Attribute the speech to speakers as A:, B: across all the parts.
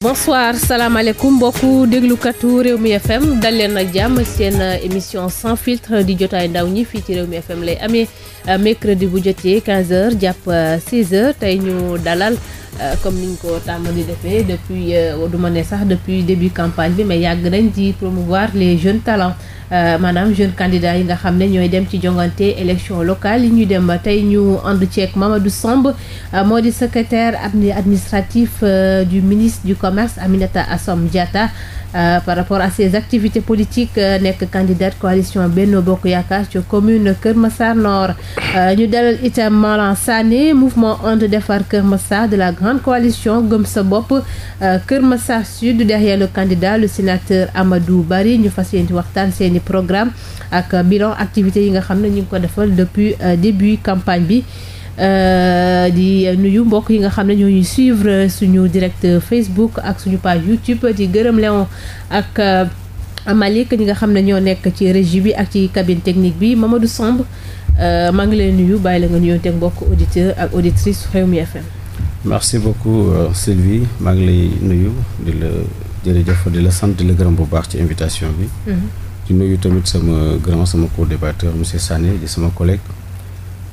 A: bonsoir salaamaaleykum mbokku déglukatu réew mi fm dal leen ak jàmm seen euh, émission sans filtre di jotaay ndaw ñi fii ci réew mi fm lay amee euh, mercredi bu jotee 15 heures jàpp 16 euh, heures tey ñu dalal comme niñ ko tàmm di defee depuis du ma ne sax depuis début campagne bi may yàgg nañ di promouvoir les jeunes talents Euh, maanaam jeune candidat yi nga xam ne ñooy dem ci jongante élection locale yi ñu dem tey ñu und ànd ceeg Mamadou somb euh, moo di secrétaire administratif euh, du ministre du commerce Aminata Assome Diatta par rapport à ses activités politiques nekk candidate coalition Benno Bokk Yaakaar commune Kër Massar Nord ñu dalal itam Malang Sané mouvement And Defar Kër Massar de la grande coalition Gëm sa bopp Kër Massar Sud derrière le candidat le sénateur Amadou bari ñu fas yéene waxtaan seeni programme ak bilan activité yi nga xam ne ñu ngi ko defal depuis euh, début campagne bi euh, di nuyu mbokk yi nga xam ne ñoo ñuy suivre suñu direct Facebook ak suñu page YouTube di gërëm Léon ak euh, Malick ñi nga xam ne ñoo nekk ci régi bi ak ci cabine technique bi Mamadou Samb maa ngi lay nuyu bàyyi la nga nuyoon teg mbokk auditeur ak auditrice Rewmi FM.
B: merci beaucoup Sylvie maa ngi nuyu di sant di la gërëm bu bi. Mm-hmm. di nuyu tamit sama grand sama co-débatteur monsieur Sané di sama collègue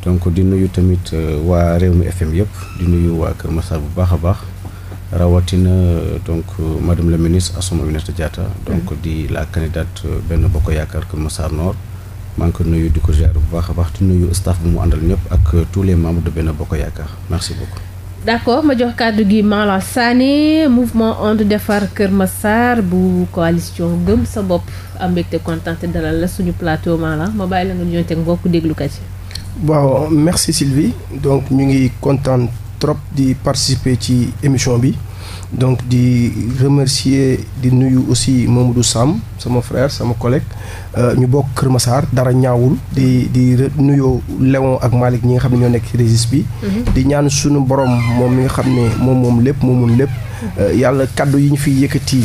B: donc di nuyu tamit euh, waa réew Rewmi FM yëpp di nuyu waa Kër Massar bu baax a baax rawatina euh, donc euh, madame la ministre Assome Aminata jaata donc mm-hmm. di la candidate benn Bokk Yaakaar Kër Massar noor maa ngi ko nuyu di ko ziar bu baax a baax di nuyu staff bu mu àndal ñëpp ak tous les membres de Benno Bokk Yaakaar merci beaucoup
A: d' accord ma jox kàddu gi Malang Sané mouvement And Defar Kër ma saar bu coalition gëm sa bopp am mbégte kontaan te dalal la suñu plateau Malang ma bàyyi la nga ñëw teg mbokk déglu yi.
C: waaw merci Sylvie donc ñu ngi kontaan trop di participer ci émission bi donc di remercier di nuyu aussi moom du Sam sama frair sama collègue euh, ñu bokk Kër Massar dara ñaawul di di nuyoo Léon ak Malick ñi nga xam ne ñoo nekk ci bi. Mhm. di ñaan suñu borom moom mi nga xam ne moom moom lépp moomun lépp. Euh, yàlla kaddu yi ñu fiy yëkkati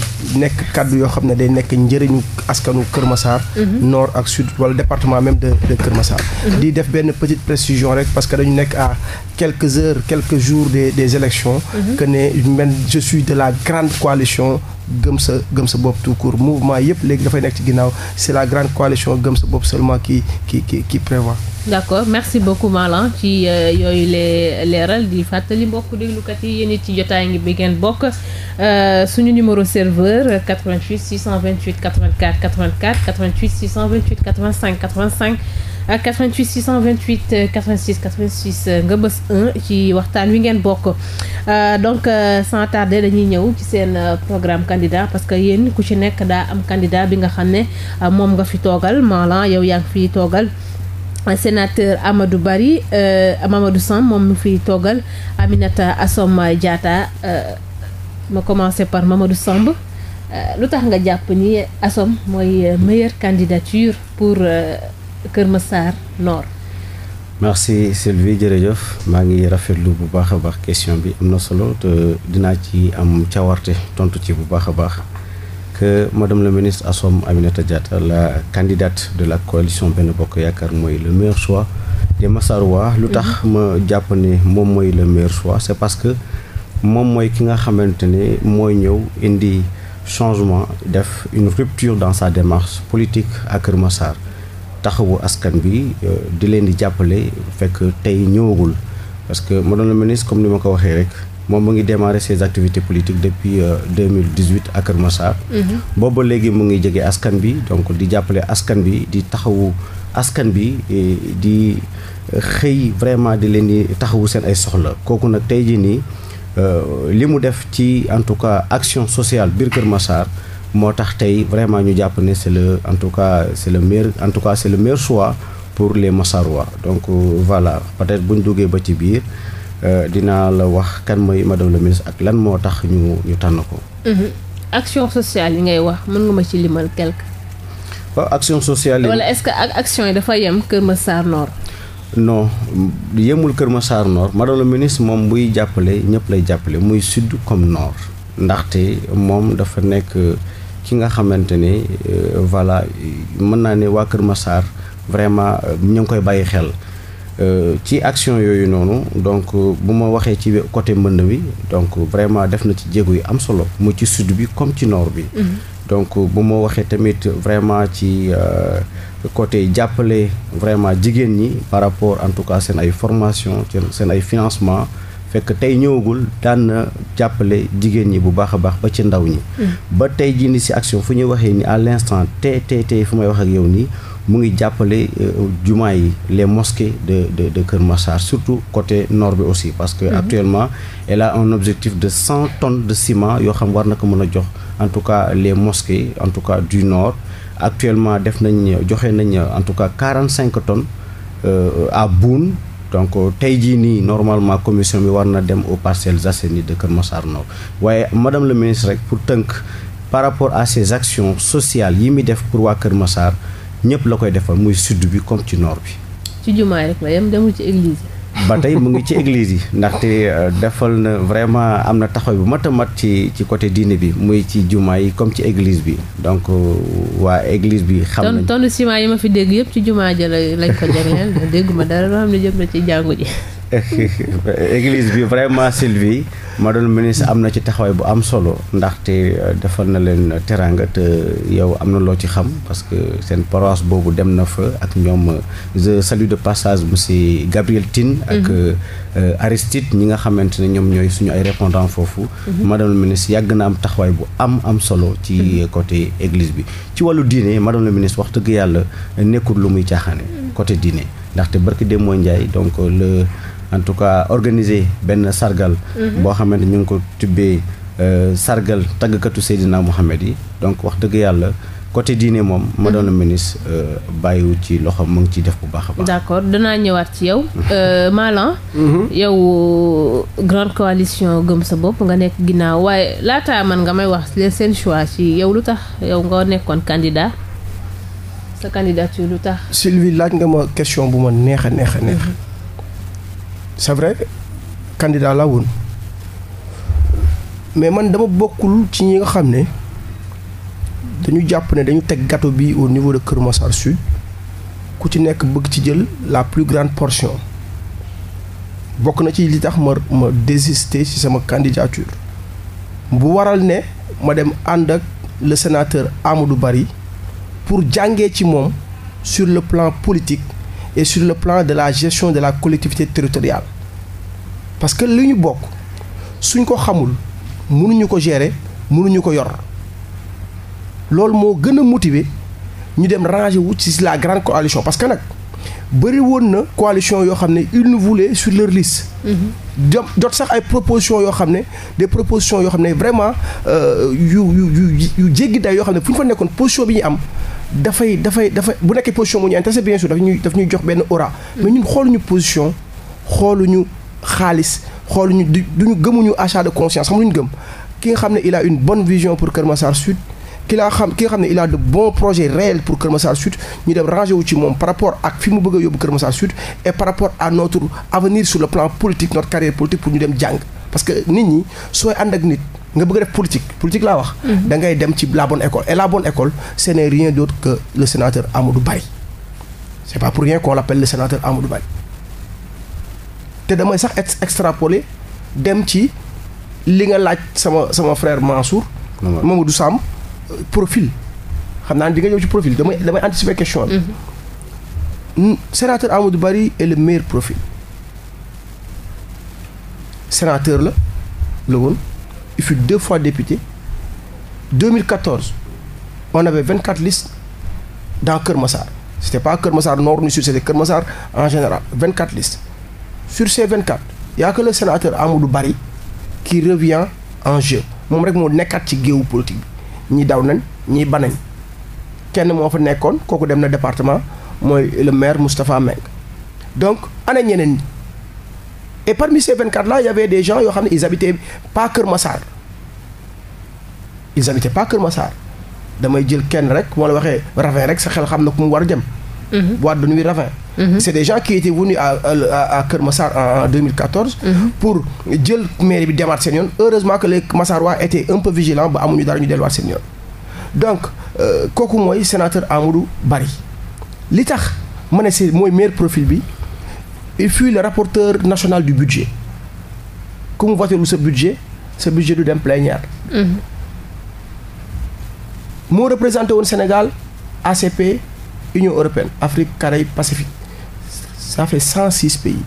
C: nekk kaddu yoo xam ne day nekk njëriñu askanu Kër Massar. Mhm. nord ak sud wala département même de de Kër Massar. Mhm. di def benn petite précision rek parce que dañu nekk à quelques heures quelques jours des des élections mhm. que ne man je suis de la grande coalition. gëm sa gëm sa bopp tout court mouvement yëpp léegi dafay nekk ci ginnaaw c'est la grande coalition gëm sa bopp seulement qui qui qui qui
A: d'accord euh, di fàttali mbokk déglukat yi donc euh, suñu numéro serveur 88 628 84 84 88 628 85 85 88 628 86 86 nga bës 1 ci waxtaan wi ngeen bokk euh, donc euh, sans tarder dañuy ñëw ci seen euh, programme candidat parce que yéen ku ci nekk daa am candidat bi nga xam ne moom nga fi toogal Malang yow yaa nga fi toogal sénateur Amadou Bari Mamadou Samb moom mu fi toogal Aminata Assome Diatta. ma commencer par du Samb euh, lu tax nga jàpp ni ASSOM mooy euh, meilleure candidature pour euh, Kër Massar Nord.
B: merci Sylvie jërëjëf maa ngi rafetlu bu baax a baax question bi am na solo te dinaa ci am cawarte tontu ci bu baax a baax que dem la ministre asom Aminata Diatta la candidate de la coalition benn Bokk Yaakaar mooy le meilleur choix des Massarois lu tax mhm. ma jàpp ne moom mooy le meilleur choix c'est parce que moom mooy ki nga xamante ne mooy ñëw indi changement def une rupture dans sa démarche politique à Kër Massar taxawu askan bi euh, di leen di jàppale fekk tey ñëwagul parce que madame la ministre comme ni ma ko waxee rek moom mu ngi démarrer ses activités politiques depuis 2018 euh, à Kër Massar mhm. booba léegi mu ngi jege askan bi donc di jàppale askan bi di taxawu askan bi di xëy vraiment di leen di taxawu seen ay soxla kooku nag tey jii nii Euh, li mu def ci en tout cas action sociale biir Kër Massar moo tax tey vraiment ñu jàpp ne c'est le en tout cas c'est le meilleur en tout cas c'est le meilleur choix pour les Massarois donc euh, voilà peut-être bu ñu duggee ba ci biir euh, dinaa la wax kan mooy madame la ministre ak lan moo tax ñu ñu tànn ko.
A: Mhm. action sociale yi ngay wax mën nga ma ci limal quelque.
B: waaw action sociale yi. wala
A: est-ce que action yi dafa yem Kër Massar Nord.
B: non yemul Kër Massar Nord madame la ministre moom muy jàppale ñëpp lay jàppale muy sud comme nord ndaxte moom dafa nekk ki nga xamante ne euh, voilà mën naa ne waa Kër Massar vraiment euh, ñu ngi koy bàyyi xel euh, ci action yooyu noonu donc bu ma waxee ci côté mbënd bi donc vraiment def na ci jéego yi am solo mu ci sud bi comme ci noor bi mm-hmm. donc bu ma waxee tamit vraiment ci euh, côté jàppale vraiment jigéen ñi par rapport en tout cas seen ay formation seen ay financement fekk tey ñëwagul daan jàppale jigéen ñi bu baax a baax ba ci ndaw ñi mm. ba tey jii ni si action fu ñuy waxee ni à l'instant tey tey tey fu may wax ak yow nii mu ngi jàppale euh, jumaa yi les mosquées de de de Kër Massar surtout côté nord bi aussi parce que mm-hmm. actuellement elle a un objectif de cent tonne de ciment yoo xam war na ko mën a jox en tout cas les mosquées en tout cas du nord actuellement def nañ joxe nañ en tout cas 45 tonnes euh, à Boune donc euh, tey jii nii normalement commission bi war na dem aux Parcelles Assainies de Kër Massar Nord waaye madame le ministre rek pour tënk par rapport à ces actions sociales yi muy def pour waa Kër Massar ñëpp la koy defal muy sud bi comme ci nord bi. ba tey mu ngi ci église yi ndaxte euh, defal na vraiment am na taxaw bu mat a mat ci ci côté diine bi muy ci jumaa yi comme ci église bi donc euh, waa église bi. xam nañu
A: tontu ciment yi ma fi dégg yëpp ci jumaa ja lañ ko jagleel dégguma dara loo xam ne jëm na ci jàngu ji.
B: église bi vraiment Sylvie madame ministre am na ci taxawaay bu am solo ndaxte euh, defal na leen teraanga te euh, yow am na loo ci xam parce que seen paroisse boobu dem na fa ak ñoom euh, je de passage monsieur Gabriel Tine ak mhm. Aristide ñi nga xamante ne ñoom ñooy suñu ay répondant foofu mhm. madame ministre yàgg na am taxawaay bu am am solo ci mhm. côté église bi ci wàllu diine madame la ministre wax dëgg yàlla nekkul lu muy caaxaane côté diine ndaxte barki démb mooy Ndiaye donc le en tout cas organiser benn sargal. Mhm. boo xamante ñu ngi ko tubbee euh, sargal tàggkatu Seydina Mouhamed yi donc wax dëgg yàlla. côté diine moom ma mhm. madame la ministre euh, bàyyiwu ci loxo mu ngi ciy def bu baax a baax.
A: d' accord danaa ñëwaat ci yow. Euh, Malang. Mhm. yow grande coalition gëm sa bopp nga nekk ginnaaw waaye laataa man nga may wax seen choix ci yow lu tax yow nga nekkoon candidat. sa candidature lu tax.
C: Sylvie laaj nga ma question bu ma neex a neex a neex. Mhm. c'est vrai candidat la woon mais man dama bokkul ci ñi nga xam ne dañu jàpp ne dañu teg gato bi au niveau de Kër Massar Sud ku ci nekk bëgg ci jël la plus grande portion bokk na ci li tax ma ma désister ci sama candidature bu waral ne ma dem ànd ak le sénateur du bari pour jàngee ci moom sur le plan politique et sur le plan de la gestion de la collectivité territoriale parce que li ñu bokk suñ ko xamul mënuñu ko gérer mënuñu ko yor loolu moo gën a motiver ñu dem ranger wu ci la grande coalition parce que nag bëri woon na coalition yoo xam ne ils nous sur leur liste. Mm-hmm. jot jot sax ay propositions yoo xam ne des propositions yoo xam ne vraiment euh, yu yu yu yu jéggi day yoo xam ne fu ñu fa nekkoon position bi ñu am dafay dafay dafay bu nekkee position mu ñu intéressé bien ñuy jox benn aura. Hmm. mais ñun xooluñu position xooluñu xaalis xooluñu du duñu ñu achat de conscience xam luñu gëm ki nga xam ne il a une bonne vision pour Kër Massar Sud. ki laa xam ki nga xam ne il a de bons projets pour Kër Massar Sud ñu dem rangé wu ci moom par rapport ak fi mu bëgg a yóbbu Kër Massar Sud et par rapport à notre avenir sur le plan politique notre carrière politique nit ñi sooy ànd ak nit. nga bëgg def politique politique laa wax. Mhm. da ngay dem ci la bonne école et la bonne école ce n'est rien d'autre que le sénateur c'est pas pour rien qu'on l'appelle le sénateur Amadou Baye te damay sax extrapoler dem ci li nga laaj sama sama frère Mansour. du Sam euh, profil xam naa di nga ñëw ci profil damay damay anticiper question bi. Mhm. sénateur Amadou Bari est le meilleur profil sénateur la la woon. il fut deux fois député 2014 on avait 24 listes dans Kër Massar c'était pas Kër Massar nord ni sud c'était Kër Massar en général 24 listes sur ces 24 y a que le sénateur Amadou Barry qui revient en jeu moom rek moo nekkaat ci géewu politique bi ñi daw nañ ñi banañ kenn moo fa nekkoon kooku dem na département mooy le maire Moustapha Meng donc ana ñeneen et parmi ces 24 là il y avait des gens yoo xam ne ils habitaient pas Kër Massar ils habitaient pas Kër Massar damay jël kenn rek moo la waxee Ravin rek sa xel xam na ku mu war a jëm. Mhm. boîte de nuit Ravin. Mhm. c' est des gens qui étaient venus à à Kër Massar en mhm. pour jël mairie bi demaat seen yoon heureusement que les Massar waa étaient un peu ba amuñu dara ñu delluwaat seen yoon. donc euh, kooku mooy sénateur Amadou Barry li tax ma ne si mooy meilleur profil bi. il fut le rapporteur national du budget ku mu voté lu sa budget sa budget du dem plénière mm-hmm. moo représenté woon Sénégal ACP Union européenne Afrique Caraïbes Pacifique ça fait cent six pays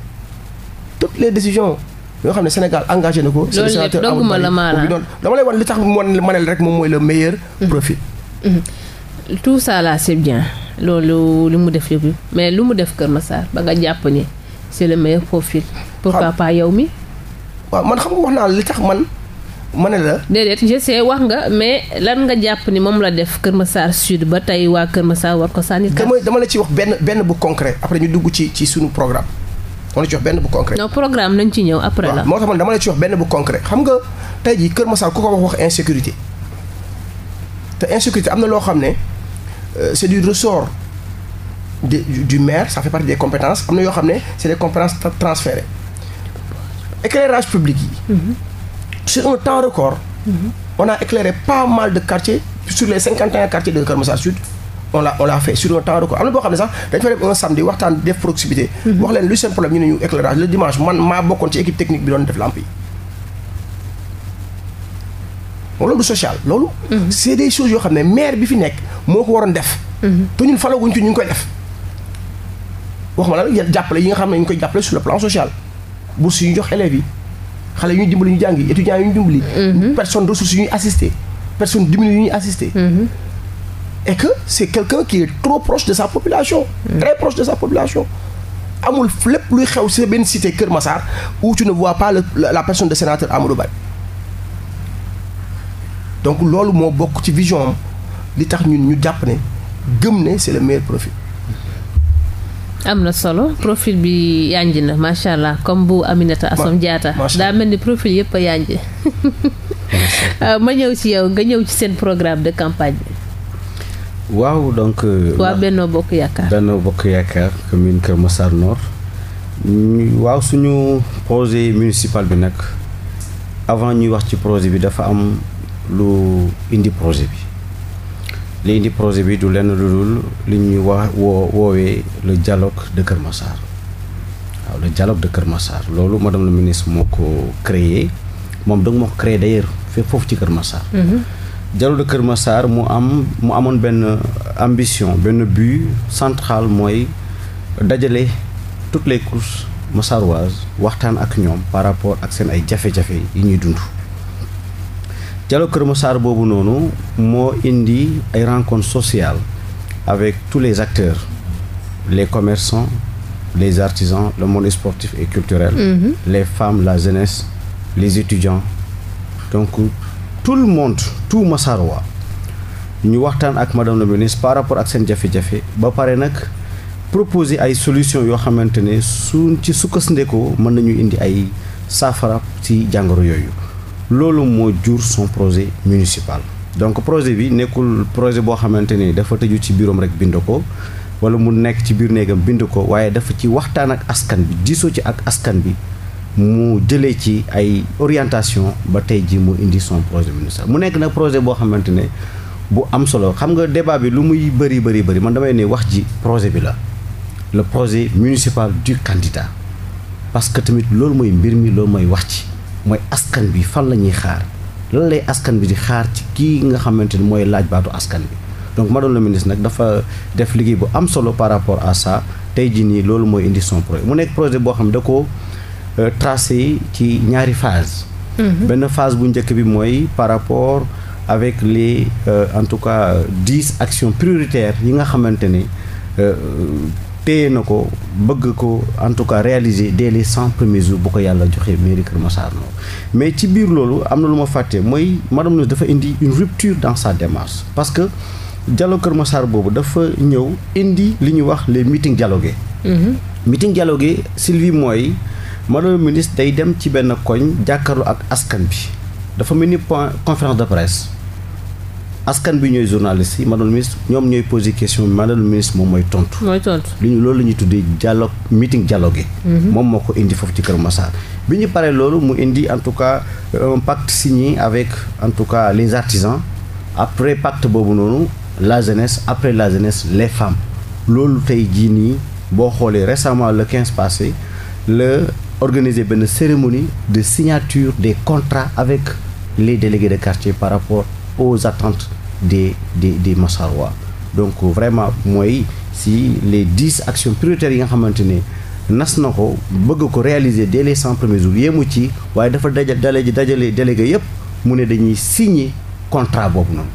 C: toutes les décisions yoo xam ne Sénégal engagé na ko. loolu lépp dogguma la maanaam dama lay wan li tax ma ne rek moom mooy le meilleur mm-hmm. profit.
A: Mm-hmm. tout ça là c'est bien loolu li mu def yëpp mais lu mu def Kër Massar ba nga jàpp ni. c'est le meilleur profil. pourquoi
C: pas yow mi. waaw man xam nga wax naa li tax man. ma ne la. déedéet je sais wax
A: nga mais lan nga jàpp ni moom la def Kër Massar Sud ba tey waa Kër Massar war ko sànni. dama
C: dama la ci wax benn benn bu concret après ñu dugg ci ci suñu programme. dama la ci wax benn bu concret. non
A: programme nañ ci ñëw après la.
C: moo tax man dama la ci wax benn bu concret xam nga tey jii Kër Massar ku ko wax wax insécurité te insécurité am na loo xam ne euh, c'est du ressort du maire sa fait partie des compétences am na yoo xam ne c'est des compétences transférées éclairage public yi. Mm-hmm. sur un temps record. Mm-hmm. on a éclairé pas mal de quartiers sur les cinquante et un de Keur Massar Sud. on l'a on l'a fait sur un temps record am na boo xam ne sax dañu fa def un samedi waxtaan def proximité. Mm-hmm. wax leen lu seen problème ñu ne ñu éclairage le dimanche man maa bokkoon ci équipe technique bi doon def lampe yi. loolu du social loolu. c'est des choses yoo xam ne maire bi fi nekk moo ko waroon def. te ñun falaguñ ci ñu ngi koy def. waxuma la nag jàppale yi nga xam ne ñu koy jàppale sur le plan social bourse yu ñu jox élèves yi xale yu ñu dimbali ñu jàngi étudiants yu ñu dimbali mm-hmm. personne ressources yu ñuy assister personne diminuée yu ñuy assister mm-hmm. et que c'est quelqu'un que est trop proche de sa population mm-hmm. très proche de sa population amul lépp luy xew ci benn cité Kër Massar où tu ne vois pas la, la personne de sénateur Amadou Ba donc loolu moo bokk ci vision am li tax ñun ñu jàpp ne gëm ne c'est le meilleur profil
A: am na solo profil bi yanj na macha allah comme bu Aminata Assome Diatta daa mel ni profil yëpp a yanj ma ñëw ci yow nga ñëw ci seen programme de campagne
B: bi waaw donc euh, waa Benno Bokk Yaakaar Benno Bokk Yaakaar commune Kër Massar Nord waaw suñu projet municipal bi nag avant ñuy wax ci projet bi dafa am lu indi projet bi li indi projet bi du lenn lu li ñuy wax woo woowee le dialogue de Kër Massar waaw le dialogue de Kër Massar loolu madame la ministre moo ko créé moom danga moo ko créé d'ailleurs fépp foofu ci Kër Massar. Mhm. dialogue de Kër Massar mu am mu amoon benn ambition benn but central mooy dajale toutes les couches massaroises waxtaan ak ñoom par rapport ak seen ay jafe-jafe yi ñuy dund. dialogue Kër Massar boobu noonu moo indi ay rencontres sociales avec tous les acteurs les commerçants les artisans le monde sportif et culturel. Mm-hmm. les femmes la jeunesse les étudiants donc tout le monde tout Massarois ñu waxtaan ak madame la ministre par rapport ak seen jafe-jafe ba pare nag proposer ay solution yoo xamante ne su ci sukkandekoo mën nañu indi ay saafara ci jàngoro yooyu. loolu moo jur son projet municipal donc projet bi nekkul projet boo xamante ne dafa tëju ci biiram rek bind ko wala mu nekk ci biir néegam bind ko waaye dafa ci waxtaan ak askan bi diisoo ci ak askan bi mu jëlee ci ay orientation ba tey ji mu indi son projet municipal mu nekk nag projet boo xamante ne bu am solo xam nga débat bi lu muy bëri bëri bëri man damay ne wax ji projet bi la le projet municipal du candidat parce que tamit loolu mooy mbir mi mooy wax ci mooy askan bi fan la ñuy xaar lan askan bi di xaar ci kii nga xamante ni mooy laaj baatu askan bi donc madame la ministre nag dafa def liggéey bu am solo par rapport à ça tey jii nii loolu mooy indi son projet mu nekk projet boo xam da ko euh, tracé ci ñaari phase mhm. benn phase bu njëkk bi mooy par rapport avec les euh, en tout cas dix action prioritaires yi nga xamante ni euh, téye na ko bëgg ko en tout cas réaliser dès les cent premiers jours bu ko yàlla joxee mairie Kër Massar Nord mais ci biir loolu am na lu ma fàtte mooy madame Ndoye dafa indi une rupture dans sa démarche parce que dialogue Kër Massar boobu dafa ñëw indi li ñu wax les meetings dialogués. Mhm. meeting dialogués Sylvie mooy madame ministre day dem ci benn koñ jàkkaarloo ak askan bi dafa mel ni point conférence de presse. askan bi ñooy journaliste yi madame ministre ñoom ñooy posé question bi madame le ministre moom mooy tontu. mooy tontu li ñu loolu la ñuy tuddee dialogue meeting dialogué. Mhm. moom moo ko indi foofu ci Kër Massar. bi ñu paree loolu mu indi en tout cas euh, un pacte signé avec en tout cas les artisans après pacte boobu noonu la jeunesse après la jeunesse les femmes loolu tey jii nii boo xoolee récemment le quinze passé la organiser benn cérémonie de signature des contrat avec les délégués de quartier par rapport. aux attentes des des des Massarois donc vraiment mooy si les dix actions prioritaires yi nga xamante ne nas na ko bëgg ko réaliser dès les cent premiers jours yéemu ci waaye dafa daja dale dajale délégué yépp mu ne dañuy signer contrat boobu noonu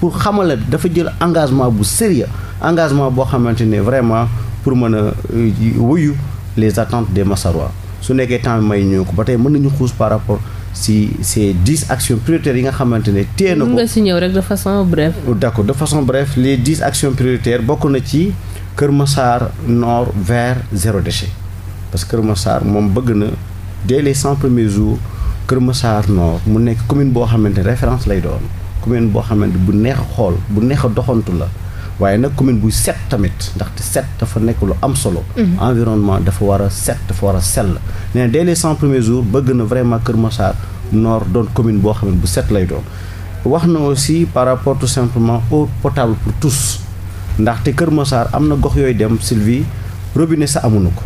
B: pour xamala dafa jël engagement bu sérieux engagement boo xamante ne vraiment pour mën a euh, wuyu les attentes de Massarois su nekkee temps may ñu ko ba tey mën nañu xuus par rapport si ces dix actions prioritaires yi nga xamante ne téye na mu nga
A: si ñëw rek de façon
B: bref. façon bref les dix actions prioritaires bokk na ci Kër Massar nord vers zéro déchet parce que Kër Massar moom bëgg na de les cent premiers jours Kër Massar nord mu nekk commune boo xamante référence lay doon commune boo xamante bu neex a xool bu neex a doxantu la. waaye nag commune buy set tamit ndax ndaxte set dafa nekk lu am solo. Mhm. environnement dafa war a set dafa war a sell. nee na dès les cent premiers jours bëgg na vraiment Kër Massar Nord doon commune boo xam ne bu set lay doon. wax na aussi par rapport tout simplement eau potable pour tous ndaxte Kër Massar am na gox yooyu dem Sylvie robinet sa amuñu ko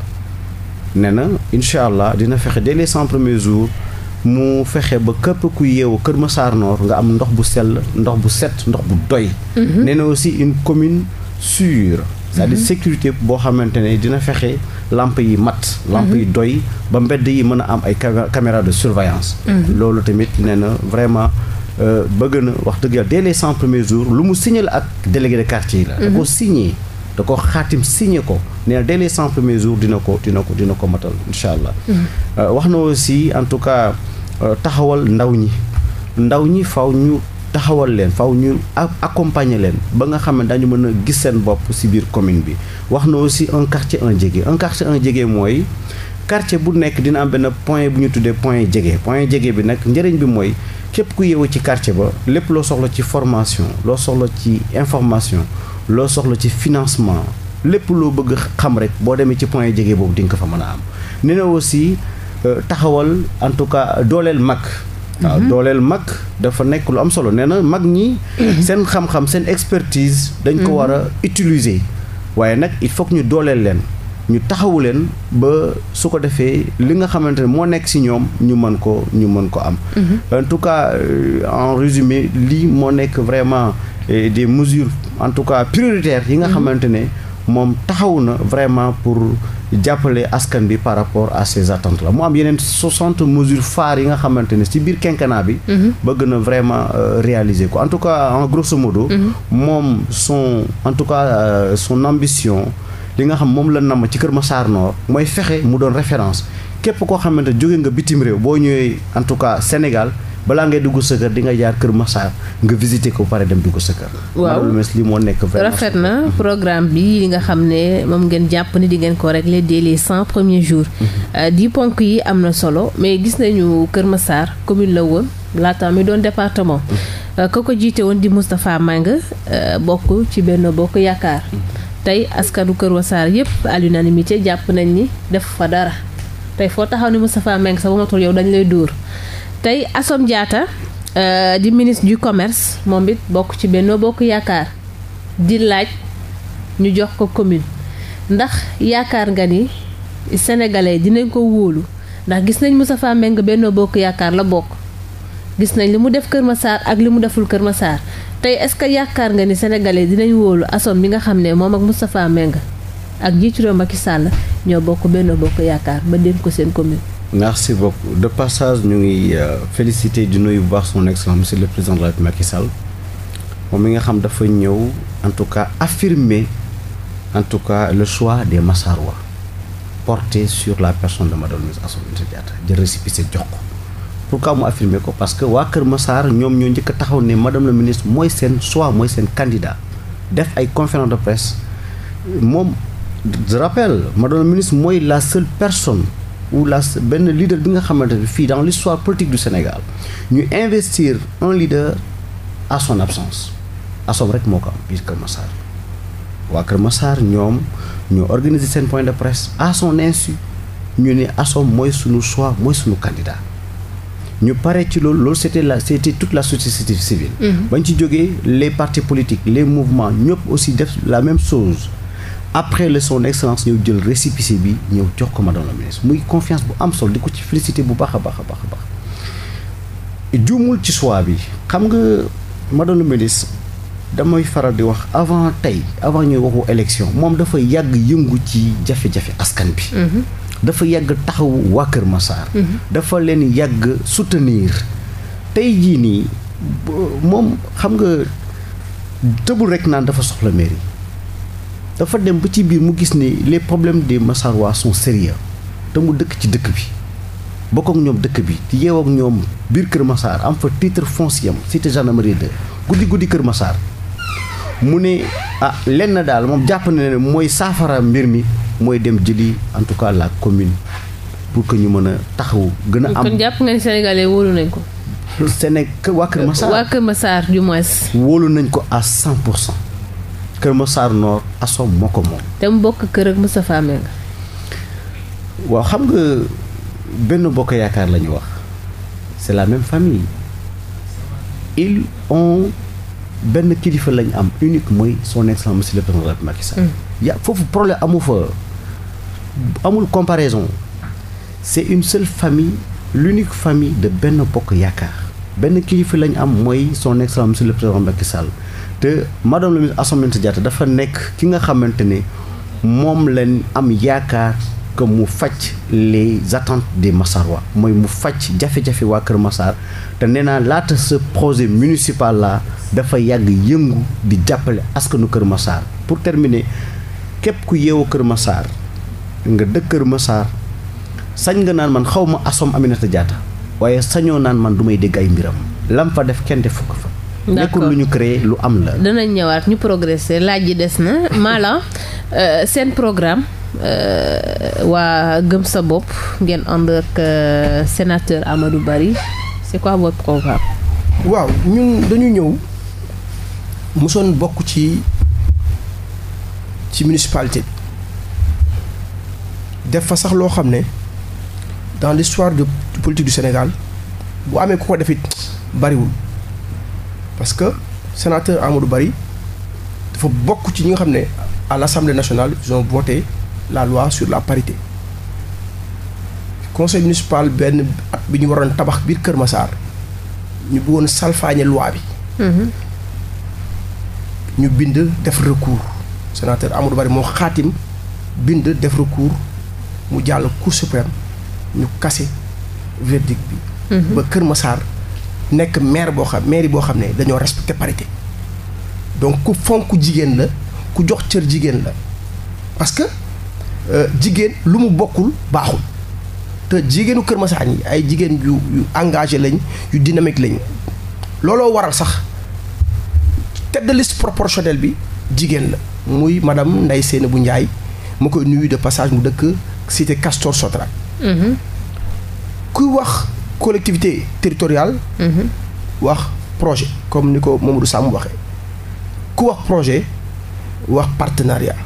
B: nee na incha allah dina fexe dès les cent premiers jours. mu fexe ba képp ku yeewu Kër Massar Nord nga am ndox bu sell ndox bu set ndox bu doy. Mhm. nee na aussi une commune sûre. c'est-à-dire mhm. sécurité boo xamante ne dina fexe lamp yi mat. lamp yi mhm. doy ba mbedd yi mën a am ay caméra de surveillance. loolu tamit nee na vraiment. Euh, bëgg na wax dëgg yàlla dès les jours lu mu signalé ak délégué de quartier yi la. da ko signé da ko xaatim signé ko nee na dès les jours dina ko dina ko dina ko matal incha allah. Euh, wax na aussi Euh, taxawal ndaw ñi ndaw ñi faw ñu taxawal leen faw ñu accompagner leen ba nga xam ne dañu mën a gis seen bopp ci biir commune bi wax na aussi un quartier en jege en quartier en jege mooy quartier bu nekk dina am benn point bu ñu tuddee point jege point jege bi nag njëriñ bi mooy képp ku yeewu ci quartier ba lépp loo soxla ci formation loo soxla ci information loo soxla ci financement lépp loo bëgg xam rek boo demee ci point jege boobu di nga ko fa mën a am nee Euh, taxawal en tout cas dooleel mag. waaw mhm. dooleel mag dafa nekk lu am solo nee na mag ñi. Mhm. seen xam-xam seen expertise. dañ ko mhm. war a utiliser. waaye nag il faut ñu dooleel leen. ñu taxawu leen ba su ko defee li nga xamante ne moo nekk ci ñoom ñu mën ko ñu mën ko am. en euh, en résumé lii moo nekk vraiment eh, des mesures en tout cas prioritaires yi nga xamante ne. moom taxawu na vraiment pour jàppale askan bi par rapport à ces attentes là mu am yeneen soixante mesures phares yi nga xamante ne si biir quinquennat bi mhm. bëgg na vraiment euh, réaliser ko en tout cas en grosso modo mhm. moom son en tout cas euh, son ambition li nga xam moom la namm ci Kër Massar Nord mooy fexe mu doon référence képp koo xamante jóge nga bitim réew boo ñëwee en tout cas Sénégal balaa ngay dugg sa kër di nga jaar Kër Massar nga visiter ko pare dem dugg sa kër. waaw lu mes li moo nekk. vraiment rafet
A: na mhm. programme bi nga xam ne moom ngeen jàpp ni di ngeen ko régler dès les cent premier jour mhm. euh, di ponk yi am na solo mais gis nañu Kër masaar commune la woon laata mi doon département. Mhm. Euh, ku ko jiite woon di Moustapha Manga euh, bokk ci benn bokk yaakaar. tey askanu Kër Massar yëpp à l'unanimité jàpp nañ ni def fa dara tey foo taxaw ni Moustapha Mbengue sa ba matul yow dañ lay dóor tey Assome Diatta euh, di ministre du commerce moom it bokk ci Benno Bokk Yaakaar di laaj ñu jox ko commune ndax yaakaar nga ni sénégalais dinañ ko wóolu ndax gis nañ Moustapha Mbengue Benno Bokk Yaakaar la bokk gis nañ li mu def Kër Massar ak li mu deful Kër Massar tey est-ce que yaakaar nga ni sénégalais dinañ wóolu Assome bi nga xam ne moom ak Moustapha Mbengue ak jiitu réew Macky Sall ñoo bokk Benno Bokk Yaakaar ba dem ko seen commune.
B: merci beaucoup de passage ñu ngi euh, félicité di nuyu bu baax son excellence monsieur le président de la République Macky moom mi nga xam dafa ñëw en tout cas affirmer en tout cas le choix des wa porté sur la personne de madame Miss Assome Diatta jël récépissé jox ko pourquoi mu affirmer ko parce que waa Kër Massar ñoom ñoo njëkk taxaw ne madame la ministre mooy seen choix mooy seen candidat def ay conférence de presse moom je rappelle madame la ministre mooy la seule personne ou la benn leader bi nga xamante ne fii dans l'histoire politique du Sénégal ñu investir un leader à son absence asom rek moo ko am biir Kër Massar waa Kër Massar ñoom ñoo organiser seen point de presse à son insu ñu ne asom mooy sunu choix mooy sunu candidat ñu pare ci loolu loolu c'était la c'était toute la société civile mm-hmm. bañ ci jógee les partis politiques les mouvements ñëpp aussi def la même chose après le son excellence ñëw jël récépissé bi ñëw jox ko ma madame la ministre muy confiance bu am solo di ko ci félicité bu baax a baax a baax a baax juumul ci choix bi xam nga madame la ministre damay faral di wax avant tey avant ñuy waxu élection moom dafa yàgg yëngu ci jafe-jafe askan bi mhm. dafa yàgg taxaw waa Kër Massar mhm. dafa leen yàgg soutenir tey jii nii moom xam nga tëbul rek naan dafa soxla mairie dafa dem ba ci biir mu gis ne les problèmes des Massarois sont sérieux te mu dëkk ci dëkk bi bokk ak ñoom dëkk bi di yeew ñoom biir Kër Massar am fa titre foncier am cité gendarmerie 2 guddi guddi Kër Massar mu ne ah lenn daal moom jàpp na ne mooy saafara mbir mi mooy dem jëli en tout cas la commune pour que ñu mën a taxawu. gën a am kon
A: jàpp nga ni sénégalais wóolu nañ ko.
B: Sénégal waa Kër Massar waa Kër Massar nañ ko à 100 pour Kër Massar Nord asom moo ko moom.
A: te mu bokk kër ak Moustapha Mbengue.
B: waaw xam nga benn bokk yaakaar la wax c'est la même famille ils ont benn kilifa lañ am unique mooy soo excellence monsieur le président de la Macky Sall. Mm. foofu problème amu fa amul comparaison c'est une seule famille l'unique famille de benn bokk yaakaar benn kilifa lañ am mooy son excellence monsieur le président Macky Sall. te madame la ministre Assomata Diatta dafa nekk ki nga xamante ne moom lañ am yaakaar que mu faj les de des Massarois mooy mu faj jafe-jafe waa Kër Massar te nee naa laata sa projet municipal la dafa yàgg yëngu di jàppale askanu Kër Massar pour terminer képp ku yeewoo Kër masaar nga dëkk Kër Massar sañ nga naan man xaw ma Assome Aminata Diatta waaye sañoo naan man du may dégg ay mbiram lam fa def kenn def fukk fa nekkul lu ñu créer lu am la.
A: danañ ñëwaat ñu progresser laaj yi des na Malang euh, seen programme euh, waa Gëm sa bopp ngeen ànd ak euh, sénateur Amadou Barry c'est quoi votre programme.
C: waaw ñun dañu ñëw mosoon bokk ci ci municipalité bi def fa sax loo xam ne dans l'histoire de politique du Sénégal bu amee ku ko def it bariwul. parce que sénateur Amadou Barry dafa bokk ci ñi nga xam ne à l'Assemblée nationale ils ont voté la loi sur la parité conseil municipal benn at bi ñu waroon tabax biir Kër Massar ñu bëggoon salfaañe loi bi. Mhm. ñu bind def recours. sénateur Amadou Barry moo xaatim bind def recours mu jàll cour suprême ñu kase verdict bi. Mhm. ba Kër Massar. nekk maire boo xam mairie boo xam ne dañoo respecté parité donc ku fonk jigéen la ku jox cër jigéen la parce que euh, jigéen lu mu bokkul baaxul te jigéenu Kër Masar yi ay jigéen yu yu engagé lañ yu dynamique lañ looloo waral sax tête de bi jigéen la muy madame Ndeye bu Ndiaye ma koy nuyu de passage mu dëkk cité Castor Sotra mm-hmm. kuy wax collectivité territoriale. Mhm. wax projet comme ni ko Mamadou Sam waxe ku wax projet wax partenariat.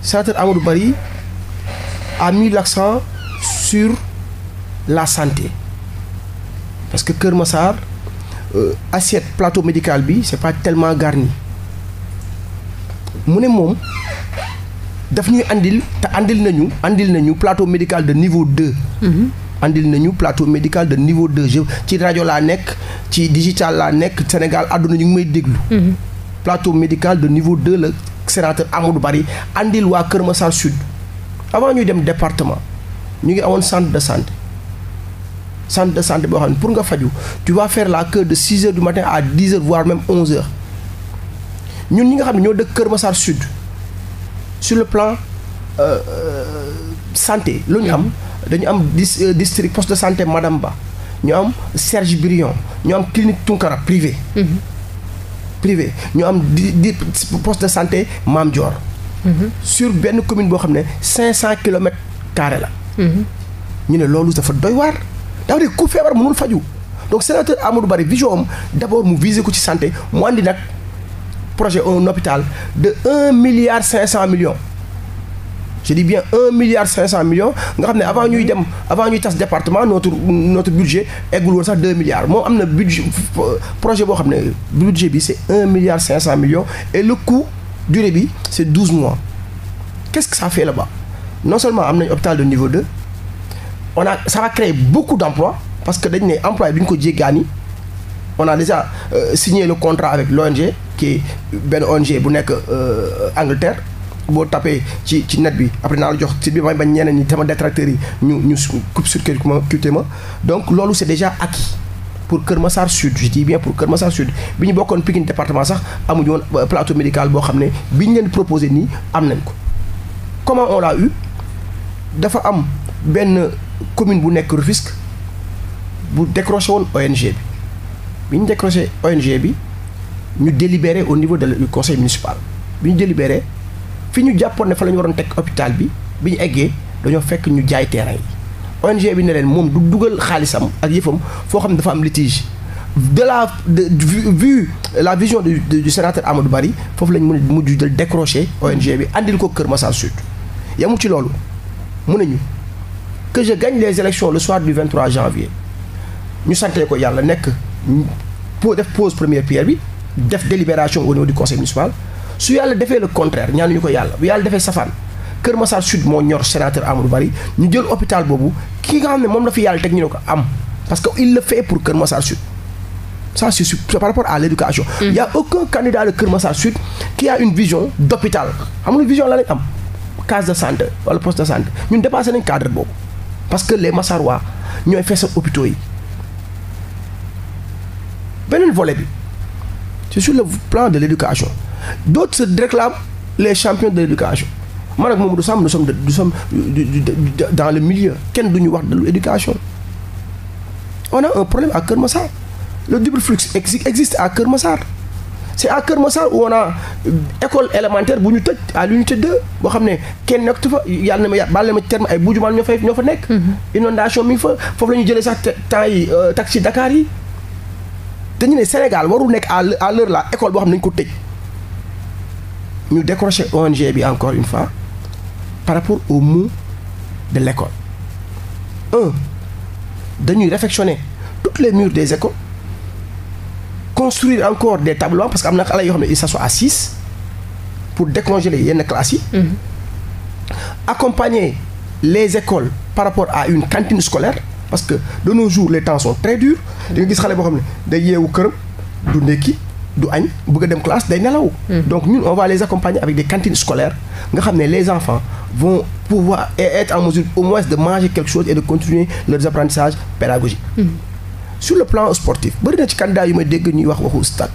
C: sénateur Amadou Barry a mis sur la santé parce que Kër Massar euh, assiette plateau médical bi c'est pas tellement garni mu ne moom daf ñuy indil te indil nañu indil nañu plateau médical de niveau deux. indil mhm. nañu plateau médical de niveau deux je ci rajo laa nekk ci digital laa nekk Sénégal àdduna ñu ngi may déglu. Mhm. plateau médical de niveau deux la sénateur Amadou Bari indil waa Kër Massar Sud. avant ñuy dem département ñu ngi amoon centre de santé centre de santé boo xam ne pour nga faju tu vas faire la de six du matin à dix heures voire même onze heures ñun ñi nga xam ne ñoo dëkk Kër Massar Sud. sur le plan euh, euh santé lu ñu am dañu am dis euh, district poste de santé Madame Ba ñu am Serge Brion ñu am clinique Tunkara privé mhm. privé ñu am di di poste de santé Maam Dior mhm. sur benn commune boo xam ne cinq cent kilomètres carrés la mhm. ñu ne loolu dafa doy waar dafa de ku feebar mënul faju donc sénateur Amadou Barry vision am d' abord mu visé ko ci santé mu andi nag projet un hôpital de un milliard cinq cent millions je dis bien un milliard cinq cent millions nga xam ne avant ñuy dem avant ñuy tas département notre notre budget eggul woon sax deux milliards moom am na budget projet boo xam ne budget bi c'est un milliard cinq cent millions et le coût durée bi c'est douze mois qu'est-ce que ça fait là-bas non seulement am nañ hôpital de niveau deux on a ça va créer beaucoup d'emplois parce que dañ ne emploi bi ñu ko jéggaani on a déjà euh, le contrat avec l'ONG benn ONG bu nekk euh, Angleterre boo tapé ci ci net bi après naa la jox site bi may bañ ñeneen ñi sama détracteurs yi ñu ñu coupe circuit ma cuté ma donc loolu c'est déjà acquis pour Kër Massar Sud je dis pour Kër Massar Sud bi ñu bokkoon Pikine département sax amuñu woon euh, plateau médical boo xam ne bi ñu leen proposé nii am nañ ko comment on l'a eu dafa am benn commune bu nekk Rufisque bu décroché woon ONG bi bi ñu décroché ONG bi ñu délibéré au niveau de du conseil municipal bi ñu délibéré fi ñu jàppoon ne fa waroon teg hôpital bi bi ñu eggee dañoo fekk ñu jaay terrain yi ONG bi ne leen moom du dugal xaalisam ak yëfam foo xam ne dafa am litige de la de vu la vision du du sénateur Amadou Barry foofu lañ mu a mujj jël décroché ONG bi andil ko Kër Massar Sud yamu ci loolu mu ne ñu que je les élections le soir du 23 janvier ñu santee ko yàlla nekk pour def pose première pierre bi. def délibération au niveau du conseil municipal su yàlla defee le contraire ñaanuñu ko yàlla bu yàlla defee safaan Kër Massar Sud moo ñor sénateur Amadou Bari ñu jël hôpital boobu ki nga xam ne moom la fi yàlla teg ñu ne ko am parce que il le fait pour Kër Massar Sud ça c'est par rapport à l'éducation mm. il y a aucun candidat de Kër Massar Sud qui a une vision d'hôpital amul vision la lañ am case de santé wala poste de santé ñun dépassé nañ cadre boobu parce que les Massarois ñooy feesal hôpitaux yi beneen bi c'est sur le plan de l'éducation d'autres se réclament les champions de l'éducation man ak moom Samb nous sommes de, nous sommes dans le milieu kenn ñu wax de éducation on ak un problème à Kër Massar le double flux existe à Kër Massar c'est à Kër Massar où on a euh, école élémentaire bu ñu tëj à ñu 2 boo xam ne kenn nekkatu fa yàlla na ma yàlla baal ma ci terme ay bujumaan ñoo fay ñoo fa nekk mhm. inondation mi fa foofu la ñu jëlee sax temps yi euh, taxi Dakar yi dañu ne Sénégal warul nekk à à l'heure là école boo xam ne nañu ko tëj ñu décroché ONG bi encore une fois par rapport au mot de l' dañuy réfectionner toutes les murs des écoles construire encore des tableaux parce que am na xale yoo xam ne ils s'assoient à six pour décongeler yenn classes yi mm-hmm. accompagner les écoles par rapport à une cantine scolaire parce que de nos jours les temps sont très durs di nga gis xale boo xam ne day yeewu këram du ndekki du añ bëgg a dem classe day nelaw hmm. donc ñun on va les accompagner avec des cantines scolaires nga xam ne les enfants vont pouvoir être en mesure au moins de manger quelque chose et de continuer leurs apprentissages pédagogiques mmh. sur le plan sportif bëri na ci candidat yi ma dégg ñuy wax waxu stade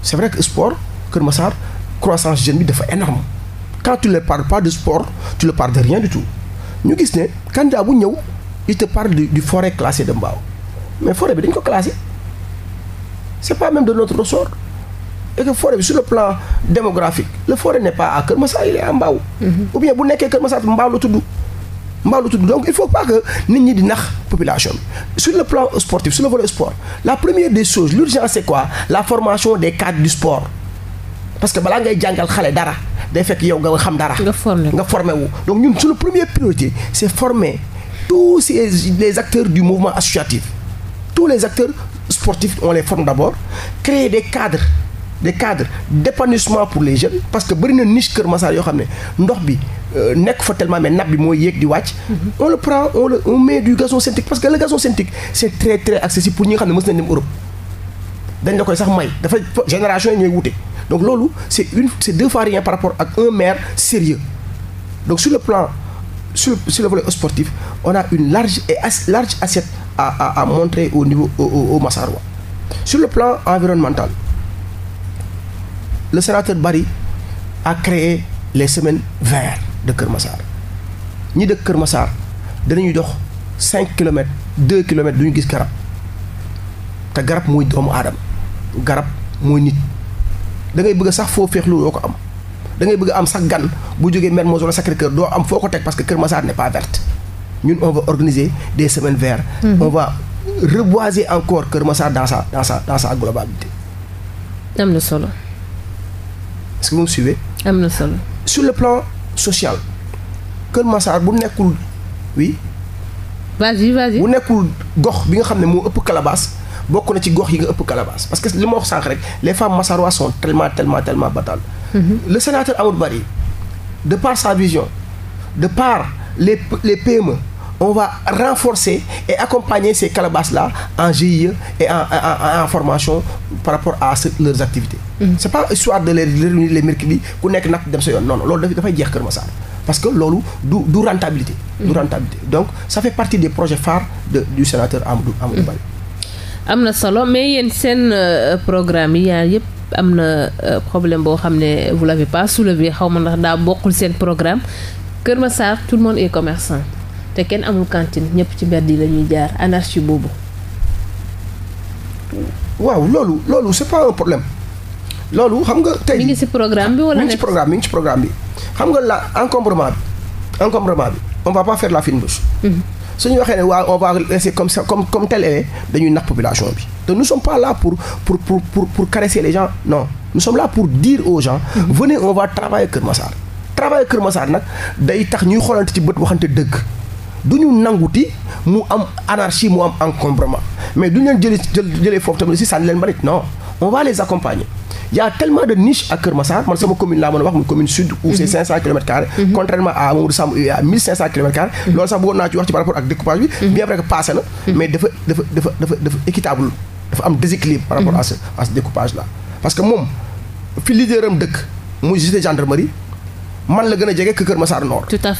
C: c'est vrai que sport Kër Massar croissance jeune bi dafa énorme quand tu ne de sport tu ne leur parles de rien du ñu gis ne candidat bu ñëw il te parle du, du forêt classée de mais forêt bi dañ ko classé c'est pas même de notre ressort et que forêt bi su le plan démographique le forêt n'est pas à Kër Masar il est à Mbao mm-hmm. bu nekkee Kër Masar Mbao la tudd Mbao la tudd donc il faut pas que nit ñi di nax population bi sur le plan sportif sur le volet sport la première des choses l'urgence c'est quoi la formation de cadres du sport parce que balaa ngay jàngal xale dara day fekk yow nga xam dara nga formé wu ñun sur première priorité c'est former tous les acteurs du mouvement associatif tous les acteurs sportifs on les forme d'abord créer des cadres des cadres d'épanouissement pour les jeunes parce que bëri na niche Kër Massar yoo xam ne ndox bi euh, nekk fa tellement mais nappe bi mooy yéeg di wàcc. Mm-hmm. on le prend on le on met du gazon synthétique parce que le gazon synthétique c'est très très accessible pour ñi xam ne mës nañ Europe dañ la koy sax may dafa génération yi ñooy wute donc loolu c'est un maire sérieux donc sur le sur, sur le volet sportif, on une large, et as, large assiette à, à, au niveau au, au, au Sur le plan environnemental, le sénateur Barry a créé les semaines vertes de Kermassar. Ni de Kermassar, danañuy dox cinq kilomètres 2 kilomètres du ñu gis garab te garab mooy doomu aadama garab mooy nit dangay ngay bëgg sax foo féexlu doo ko am dangay bëgg am sax gan bu jógee Mermoz wala Sacré-Cœur doo am foo ko teg parce que Kër Massar n'est pas verte ñun on va organiser des semaines vertes. Mmh. on va reboiser encore Kër Massar dans sa dans sa dans sa globalité. am na solo. est que vous me sur le plan social Kër Massar bu nekkul oui. vas-y vas-y bu nekkul gox bi nga xam ne moo ëpp calebasse. bokk na ci gox yi nga ëpp calebasse parce que li ma wax sànq rek les femmes massarois sont tellement tellement tellement battales. Mm-hmm. le sénateur Amadou Barry de par sa vision de par les les PME on va renforcer et accompagner ces calebasses là en GIE et en, en, en, en formation par rapport à leurs activités. Mm-hmm. c'est pas histoire de les réunir les mercredis ku nekk nag dem sa yoon noonu non loolu dafay jeex Kër Massar parce que loolu du du rentabilité. du mm-hmm. rentabilité donc ça fait partie des projets phares de du sénateur Amadou Amadou
A: am na solo mais yéen seen euh, programme yi yaar yëpp am na euh, problème boo xam ne vous pas soulevé xaw ma ndax daa bokkul seen programme Kër Massar tout le monde est commerçant te kenn amul cantine ñëpp ci mbedd yi la jaar anarchie boobu.
C: waaw loolu loolu c'est pas un problème loolu xam nga. tey mi ngi ci programme bi wala mi ngi ci mi ngi ci programme bi xam nga la encombrement bi encombrement bi on va pas faire la fine bouche. Mhm. suñu waxee ne waaw on va laisser comme ça comme comme tel elle dañuy nax population bi te nous sommes pas pour pour pour pour pour caresser les gens non nous sommes là pour dire aux gens mm-hmm. venez on va travailler Kër Massar travailler Kër Massar nag day tax ñuy xoolante ci bët waxante dëgg du ñu nanguti mu am anarchie mu am encombrement mais du ñu leen jëlee jëlee foofu tamit si sànni leen mbalit non on va les accompagner il y a tellement de niches à Kër Massar man sama commune laa mën wax muy commune sud où c'est 500 mhm. mhm. contrairement à Mamadou Samb à mhm. sax bëggoon naa ci wax ci par rapport ak découpage bi bien vrai que passé na mais dafa dafa dafa dafa dafa équitable dafa am déséquilibre par rapport à ce à ce découpage là parce que moom fi leaderam dëkk muy gis gendarmerie man la gën a jege que Kër Massar Nord tout à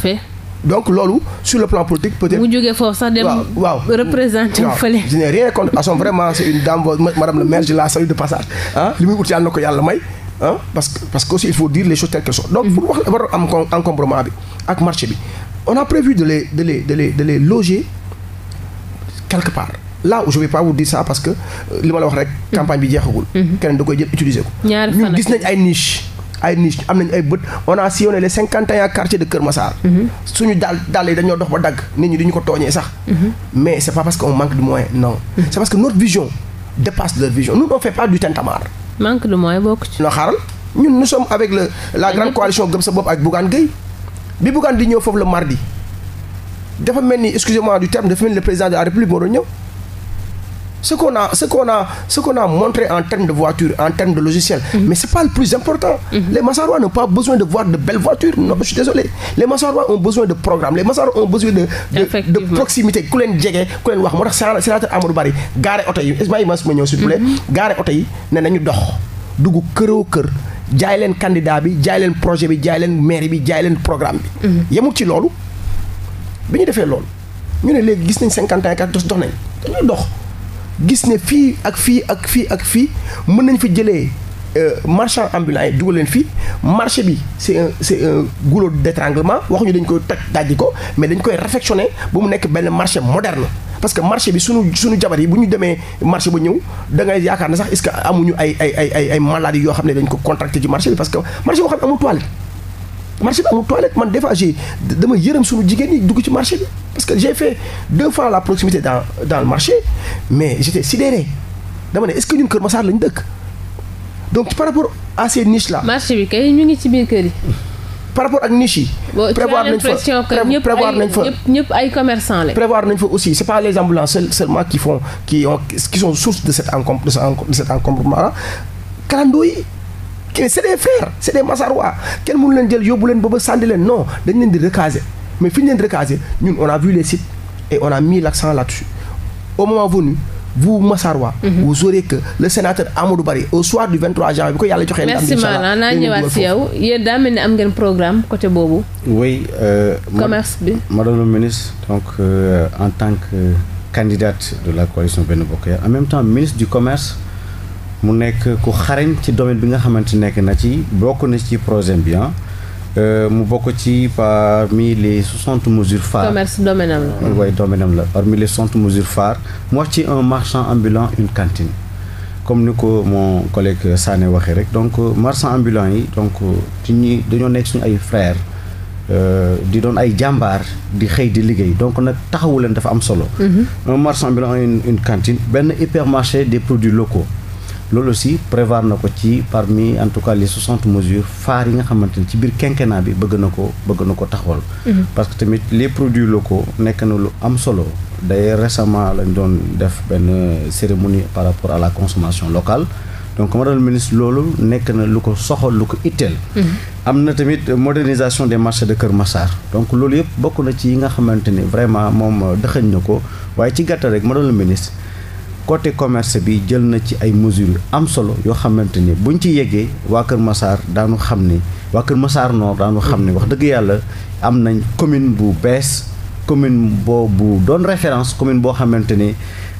C: donc loolu sur le plan politique peut-être.
A: mu jógee foofu sax dem.
C: waaw représenté madame le maire la salue de passage li muy ut yàlla na ko yàlla may. parce que parce que aussi il faut dire les choses telles qu'elles sont. donc pour wax war am encombrement bi ak marché bi on a prévu de les de les de les loger quelque part là je vais pas vous dire ça parce que euh, li ma la wax rek. Mm-hmm. campagne bi jeexagul. Mm-hmm. keneen da koy jël utiliser ko. ñaar fan gis nañ ay niche ay niche am nañ ay bët on a sillonné les cinquante et un quartiers de Kër Massar. Mhm. suñu daal daal yi dañoo dox ba dagg nit ñi du ñu ko tooñee sax. Mhm. mais c' pas parce que on manque de moyens non. Mhm. c' est parce pas du tintamarre. manque de moyens bokk ci. noo xaaral ñun nous sommes avec la grande coalition Gëm sa bopp ak Bougane Gueye bi Bougane di ñëw foofu le mardi dafa mel ni excusez du terme dafa mel ni le président de la République moo doon ñëw. ce qu'on a ce qu'on a ce montré en termes de voitures en termes de logiciels mm -hmm. mais c'est pas le plus important mm -hmm. les Massarois n'ont besoin de voir de belles voitures non je suis désolé les Massarois ont besoin de programmes les Massarois ont besoin de de, de proximité ku leen jege ku leen wax moo tax sénateur Amadou Barry gaare oto yi Ismaïla mhm. oto yi ne nañu dox dugg këroo jaay leen candidat bi jaay leen projet bi jaay leen mairie bi jaay leen programme bi mhm. yemul ci loolu bi ñu defee loolu ñu ne léegi gis nañ cinquante ans kat dox nañ gis ne fii ak fii ak fii ak fii mën nañ fa jëlee euh, marchand ambulant yi dugal leen fii marché bi c'est un c'est un goulot d'étranglement waxuñu dañ koy toj dajji ko mais dañ koy réfectionner ba mu nekk benn marché moderne parce que marché bi sunu sunu jabar yi bu ñu demee marché ba ñëw da ngay yaakaar na sax est-ce que amuñu ay ay ay ay ay maladies yoo xam ne dañ ko contracté ci marché bi parce que marché boo xam ne amul toilette marché bi amul toilette man des fois j' dama yërëm suñu jigéen ñi dugg ci marché bi parce que j'ai fait deux fois la proximité dans dans le marché mais j' étais sidéré dama ne est ce que ñun Kër Massar lañ dëkk donc par rapport à ces niches là. marché bi kay ñu ngi ci biir kër yi. par rapport ak niche yi.
A: prévoir nañ fa prévoir nañ fa
C: ñëpp ay commerçant lañ. prévoir nañ fa aussi c' est pas les ambulants seulement qui font qui ont qui sont source de cet encombre c'est des frères c'est des Massarois kenn mënu leen jël yóbbu leen ba ba sànni leen non dañ leen di recaser mais fi ñu leen recaser ñun on a vu les sites et on a mis l'accent là-dessus au moment mhm. bari au soir du 23 janvier bi ko yàlla joxee. ndam incha allah merci Malang naa ñëwaat si
A: yow yéen daa mel am ngeen programme côté boobu.
C: Euh, commerce bi madame la ministre donc
B: euh, en tant que candidate de la coalition Benno Bokk Yaakaar en même temps ministre du commerce. mu nekk ku xarañ ci domaine bi nga xamante nekk na ci bokk na ci projet bi ah. euh, mu bokk ci parmi les soixante mesures phares.
A: commerce domaine am
B: la. waaye domaine am la parmi les soixante mesures phares mu wax ci un marchand ambulant une cantine comme ni ko mon collègue Sané waxee rek donc euh, marchand ambulant yi donc euh, ci ñi dañoo nekk suñu ay frères. di doon ay jàmbaar di xëy di liggéey donc nag taxawu leen dafa am solo. Mm-hmm. un marchand ambulant une cantine benn hypermarché des produits locaux. loolu si prévoir na ko ci parmi en tout cas les soixante mesures phares yi nga xamante ni ci biir quinquennat bi bëgg na ko bëgg na ko taxawal. Mhm. parce que tamit les produits ko nekk na lu am solo. d'ailleurs récemment lañ doon def benn cérémonie par rapport à la consommation locale donc madame le ministre loolu nekk na lu ko soxal lu ko itteel. Mhm. am na tamit modernisation des marché de Kër Massar. donc loolu yëpp bokk na ci yi nga xamante ni vraiment moom dëxëñ na ko waaye ci gàttal rek madame le ministre. côté commerce bi jël na ci ay mesures am solo yoo xamante ni buñ ci yeggee waa Kër Massar daanu xam ni waa Kër Massar Nord daanu xam ne wax dëgg yàlla am nañ commune bu bees commune boo bu doon référence commune boo xamante ni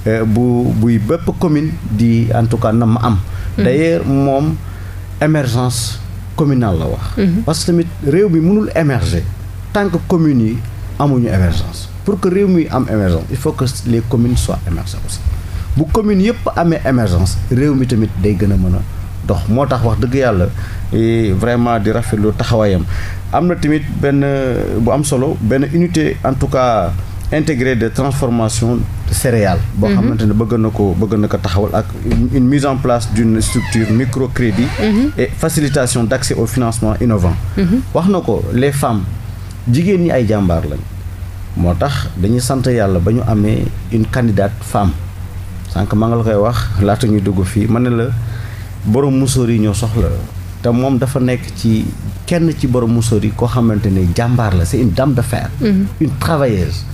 B: euh, bu buy bépp commune di en tout cas na ma am mhm. d'ailleurs moom émergence communale la wax mhm. parce que tamit réew mi mënul émerger tant que communes yi amuñu émergence pour que réew mi am émergence il faut que les communes soient émergées aussi bu commune yëpp amee émergence réew mi tamit day gën a mën a dox moo tax wax dëgg yàlla vraiment di rafetlu taxawaayam am na tamit benn bu am solo benn unité en tout cas intégrée de transformation céréales mhm. boo xamante ne bëgg na ko bëgg na ko taxawal ak une mise en place d'une structure microcrédit mhm. et facilitation d'accès au financement innovant mhm. wax na ko les femmes jigéen ñi ay jàmbaar lañ moo tax dañuy sant yàlla ba ñu amee une candidate femme sànq ma nga la koy wax laata ñu dugg fii ma ne la borom musóor yi ñoo soxla te moom dafa nekk ci kenn ci borom musóori koo xamante ne jàmbaar la c'est une dame de fer mm-hmm. une travailleuse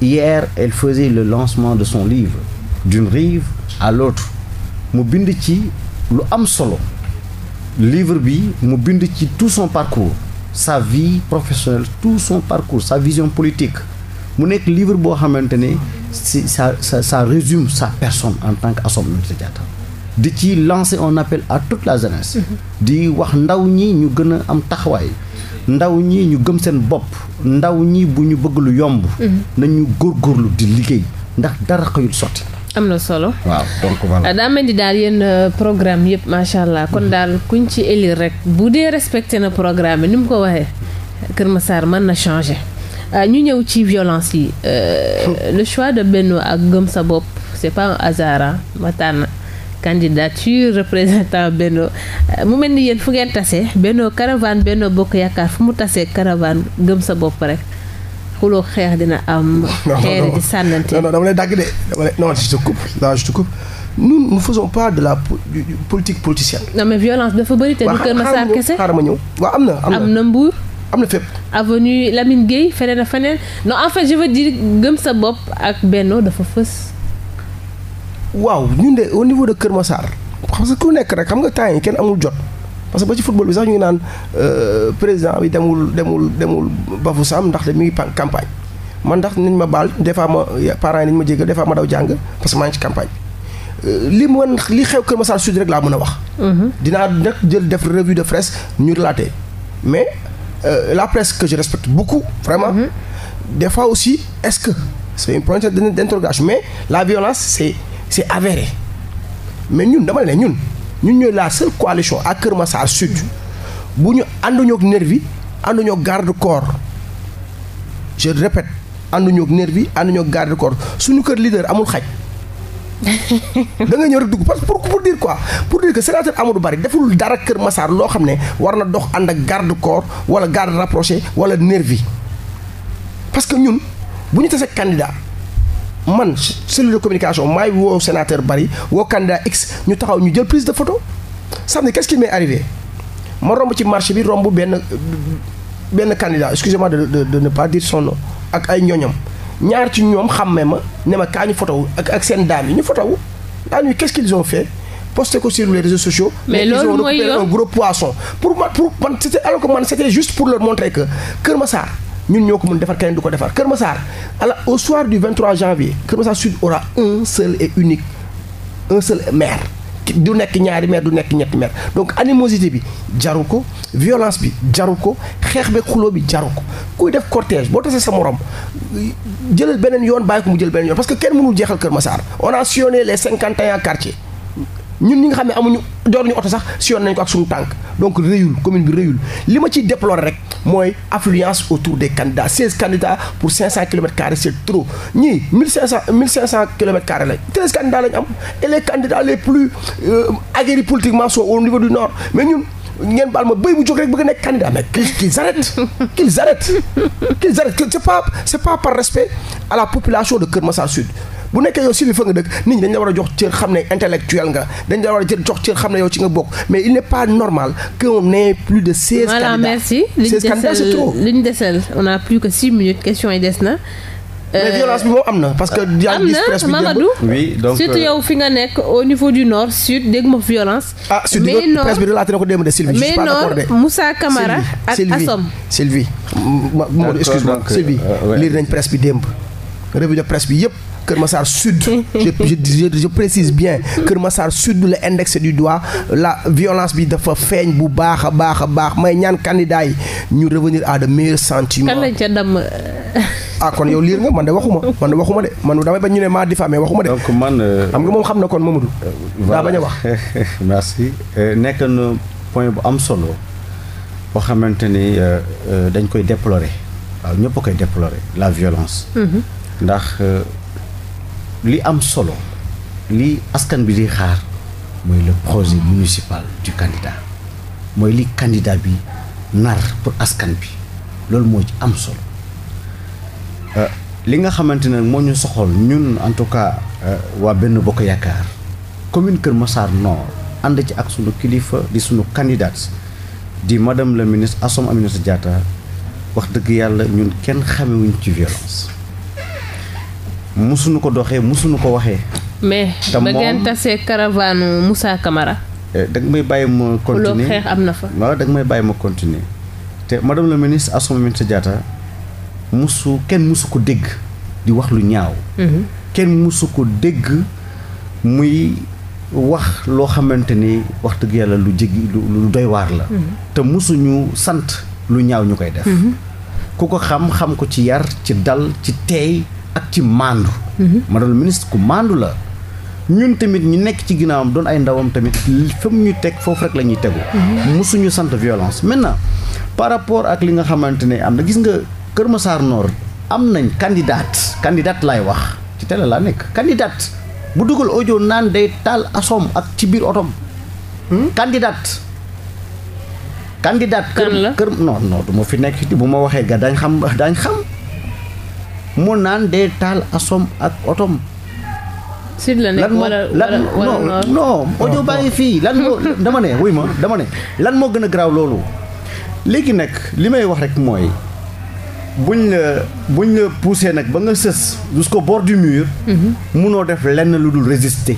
B: hier elle faisait le lancement de son livre d'une rive à l'autre mu bind ci lu am solo livre bi mu bind ci tout son parcours sa vie professionnelle tout son parcours sa vision politique mu nekk livre boo xamante ça, sa sa résume sa personne en tant que de di ci lancer un appel ak toute la jeunesse. di wax ndaw ñi ñu gën a am taxawaay. ndaw ñi ñu gëm seen bopp. ndaw ñi bu ñu bëgg lu yomb. Mhm. nañu góorgóorlu di liggéey ndax dara xëyul sotti. am na solo waaw donc ah,
A: daa mel daal yéen euh, programme yëpp macha allah kon mhm. daal kuñ ci élire rek bu dee respecté na programme bi ni mu ko waxee Kër Massar mën na changer. Euh, ñu ñëw ci violence yi euh, le choix de Benno ak Gëm sa bopp c'est pas un hasard ma tànn candidature représentant Benno euh, mu mel ni yéen fu ngeen tase Benno caravane Benno Bokk Yaakaar fu mu tasee caravane Gëm sa bopp rek xuloo xeex dina
C: am. xeer di sànnante non non dama lay dàgg de. non je de la politique politicienne. non mais violence dafa bëri te du Kër Massar kese. xaaral ma ñëw waaw am na am na Mbour. am na fépp.
A: avenue Lamine Gueye feneen ak feneen non en fait je veux gëm sa bopp ak Benno dafa fës.
C: waaw ñu de au niveau de Kër Massar parce que ku nekk rek xam nga temps yi kenn amul jot parce que ba ci football bi sax ñu ngi naan euh, président bi demul demul demul Bafou Sam ndax de mi ngi campagne man ndax nañ ma baal des fois ma parent yi nañ ma jégal des fois ma daw jàng parce que maa ngi ci campagne. Euh, li mën li xew Kër Massar Sud rek laa mën a wax. Mhm. dinaa nag jël def revue de presse ñu relaté mais. euh, la presse que je respecte beaucoup, vraiment, mm des fois aussi, est-ce que c'est une pointe d'interrogation Mais la violence, c'est c'est avéré. mais ñun dama ne ñun ñun ñooy la seule coalition à Kër Massar Sud bu ñu ànduñoo ak nervi ànduñoo ak garde corps je répète ànduñoo ak nervi ànduñoo ak garde corps suñu kër leader amul xaj. da nga ñëw rek dugg parce que pour pour dire quoi pour dire que sénateur Amadou deful dara Kër Massar loo xam ne war na dox ànd ak garde corps wala garde rapproché wala nervi parce que ñun bu ñu tasee candidat man cellule de communication maay woo sénateur Barry woo candidat X ñu taxaw ñu jël prise de photo samedi qu'est-ce qui ma romb ci marché bi romb benn benn candidat excusez de de de ne pas dire ak ay ñooñam. ñaar ci ñoom xàmme ma ne ma kaa ñu fotow ak ak seen daam ñu fotow daañu qu'est-ce qu'ils ont fait posté ko sur les réseaux sociaux. mais loolu mooy un gros poisson. pour man pour man c'était alors que man c'était juste pour leur montrer que ñun ñoo ko mën defar keneen du ko defar Kër Massar saar la au soir du 23 janvier Kër Massar Sud aura un seul et unique un seul maire. du nekk ñaari meer du nekk ñetti meer donc animosité bi jaru ko violence bi jaru ko xeex beeg xuloo bi jaru ko kuy def cortège boo tasee sa morom jëlal beneen yoon bàyyi ko mu jël beneen yoon parce que kenn mënul jeexal Kër Massar on a sillonné cinquante et un ñun ñi nga xam ne amuñu dooruñu oto sax si yoon nañ ko ak suñu tànk donc réyul commune bi réyul li ma ciy déplorer rek mooy affluence autour des candidats 16 candidats pour 500 kilomètres carrés c'est trop ñii 1500 1500 kilomètres carrés lañ 13 candidats lañ am et les candidats les plus euh, aguerris politiquement sont au niveau du nord mais ñun ngeen baal ma béy bu jóg rek bëgg nekk candidat mais qu'ils arrêtent qu'ils arrêtent qu'ils arrêtent c'est pas c'est pas par respect à la population de Keur Massar Sud bu nekkee yow silifa nga dëkk nit ñi dañ la war a jox cër xam ne intellectuel nga dañ la war a jox cër xam ne yow ci nga bokk mais il n' est pas normal que on ait plus de seize candidats voilà merci li ñu desel
A: li ñu desel on a plus que six minutes question yi des na. mais euh, violence bi moom am
C: na parce que. yaa ngi gis am na Mamadou. oui donc euh,
A: fi nga nekk au niveau du nord sud dégg ma violence. ah sud bi presse bi
C: relaté na ko démb nord
A: Moussa Camara ak Assom.
C: Sylvie Sylvie Mamadou excuse-moi euh, Sylvie lire nañ bi démb revue de bi yëpp. Kër Massar Sud. je, je je précise bien Kër Massar Sud la indexé du doigt la violence bi dafa feeñ bu baax a baax a baax may ñaan candidat yi ñu revenir à de meilleurs sentiments. kan lañ ca damm. Ah, kon yow liir nga man de waxuma man de waxuma man damay bañ ñu ne maa diffamé waxuma de. donc man. Euh, xam moom xam na kon Mamadou. Euh, voilà daa bañ a wax.
B: merci euh, nekk na point bu am solo boo xamante ni dañ koy déplorer waaw ñëpp koy déplorer la violence. Mm-hmm. ndax. li am solo li askan bi di xaar mooy le projet municipal du candidat mooy li candidat bi nar pour askan bi loolu moo ci am solo euh, li nga xamante ne moo ñu soxool ñun en tout cas euh, waa benn bokk yaakaar commune Kër Massar Nord ànd ci ak sunu kilifa di sunu candidate di madame la ministre Assome Aminata Diatta wax dëgg yàlla ñun kenn xamewuñ ci violence musuñu ko doxee musuñu ko waxee.
A: mais da ngeen tasee caravane Moussa kamara
B: eh, da may bàyyi ma continuer xeex am na fa. voilà may bàyyi ma continuer te madame la ministre Assome Diatta musu kenn musu ko dégg di wax lu ñaaw. Mhm. kenn musu ko dégg muy wax loo xamante ni wax dëgg yàlla lu jéggi lu doy waar la. Mhm. te musuñu sant lu ñaaw ñu koy def. Mhm. ku ko xam xam ko ci yar ci dal ci teey ak ci maandu. madame le ministre ku maandu la. ñun tamit ñu nekk ci ginnaawam doon ay ndawam tamit fa mu ñu teg foofu rek la ñuy tegu. mosuñu sant violence. maintenant par rapport ak li nga xamante ne am na gis nga Kër Massar Nord am nañ candidate candidate laay wax ci télé laa nekk candidate bu dugal ojo naan day taal asom ak ci biir otoom candidate. candidate. la kër non non du fi nekk bu ma waxee ga dañ xam dañ xam. mu naan dee taal asom ak otom sud la nekk wala wala non non fii lan moo dama ne wuy ma dama ne lan moo gën a garaaw loolu léegi nag li may wax rek mooy buñ la buñ la poussé nag ba nga sës jusqu'au bord du mur mënoo mhm. def lenn lu dul résisté